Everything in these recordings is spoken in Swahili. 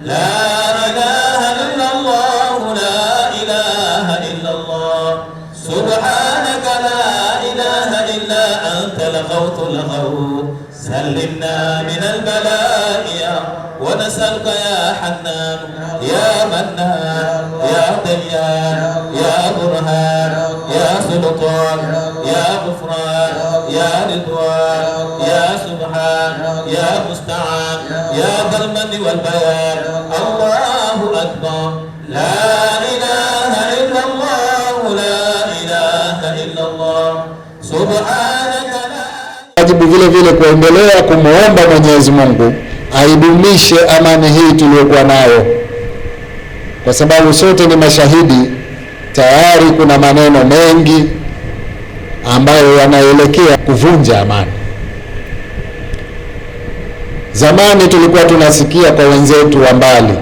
لا إله إلا الله لا إله إلا الله سبحانك لا إله إلا أنت لغوت سلمنا من البلاء ونسألك يا حنان يا منان يا ديان يا برهان يا سلطان يا غفران يا رضوان المحال يا مستعان يا ذا المن والبيان الله اكبر لا اله الا الله لا اله الا الله سبحانك لا اجب vile vile kuendelea kumwomba Mwenyezi Mungu aidumishe amani hii tuliyokuwa nayo, kwa sababu sote ni mashahidi tayari. Kuna maneno mengi ambayo yanaelekea kuvunja amani. Zamani tulikuwa tunasikia kwa wenzetu wa mbali,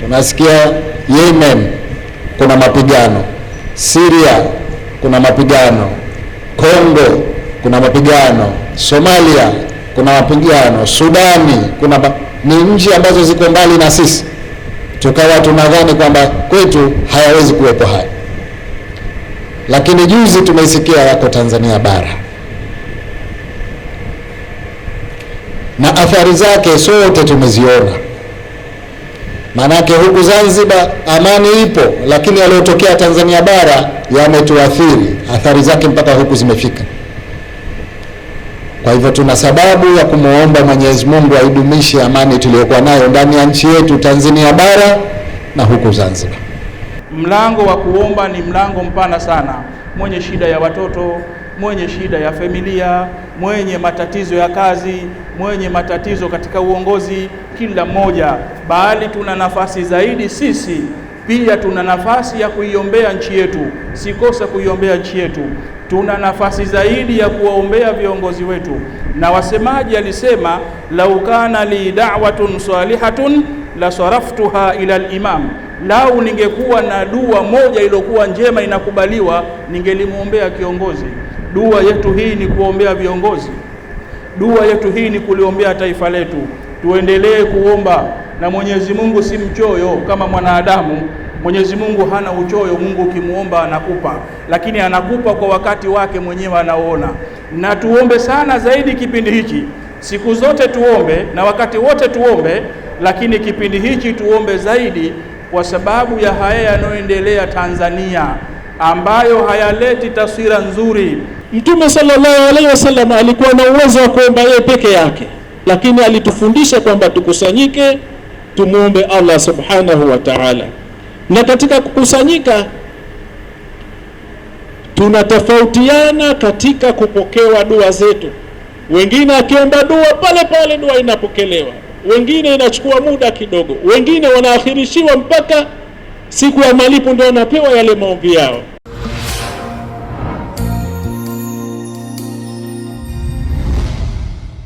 tunasikia Yemen kuna mapigano, Syria kuna mapigano, Kongo kuna mapigano, Somalia kuna mapigano, Sudani kuna ni nchi ambazo ziko mbali na sisi, tukawa tunadhani kwamba kwetu hayawezi kuwepo haya, lakini juzi tumesikia yako Tanzania bara. na athari zake sote tumeziona. Maanake huku Zanzibar amani ipo, lakini yaliyotokea Tanzania bara yametuathiri, athari zake mpaka huku zimefika. Kwa hivyo tuna sababu ya kumwomba Mwenyezi Mungu aidumishe amani tuliyokuwa nayo ndani ya nchi yetu Tanzania bara na huku Zanzibar. Mlango wa kuomba ni mlango mpana sana, mwenye shida ya watoto mwenye shida ya familia, mwenye matatizo ya kazi, mwenye matatizo katika uongozi, kila mmoja, bali tuna nafasi zaidi sisi pia tuna nafasi ya kuiombea nchi yetu, sikosa kuiombea nchi yetu. Tuna nafasi zaidi ya kuwaombea viongozi wetu, na wasemaji alisema, lau kana li da'watun salihatun la saraftuha ila al-imam lau ningekuwa na dua moja iliyokuwa njema inakubaliwa, ningelimwombea kiongozi. Dua yetu hii ni kuombea viongozi, dua yetu hii ni kuliombea taifa letu. Tuendelee kuomba, na Mwenyezi Mungu si mchoyo kama mwanadamu. Mwenyezi Mungu hana uchoyo. Mungu ukimwomba anakupa, lakini anakupa kwa wakati wake mwenyewe anaoona. Na tuombe sana zaidi kipindi hichi, siku zote tuombe na wakati wote tuombe, lakini kipindi hichi tuombe zaidi kwa sababu ya haya yanayoendelea Tanzania ambayo hayaleti taswira nzuri. Mtume sallallahu alaihi wasallam alikuwa na uwezo wa kuomba yeye peke yake, lakini alitufundisha kwamba tukusanyike tumwombe Allah subhanahu wa ta'ala, na katika kukusanyika tunatofautiana katika kupokewa dua zetu, wengine akiomba dua pale pale dua inapokelewa wengine inachukua muda kidogo, wengine wanaakhirishiwa mpaka siku ya malipo ndio wanapewa yale maombi yao.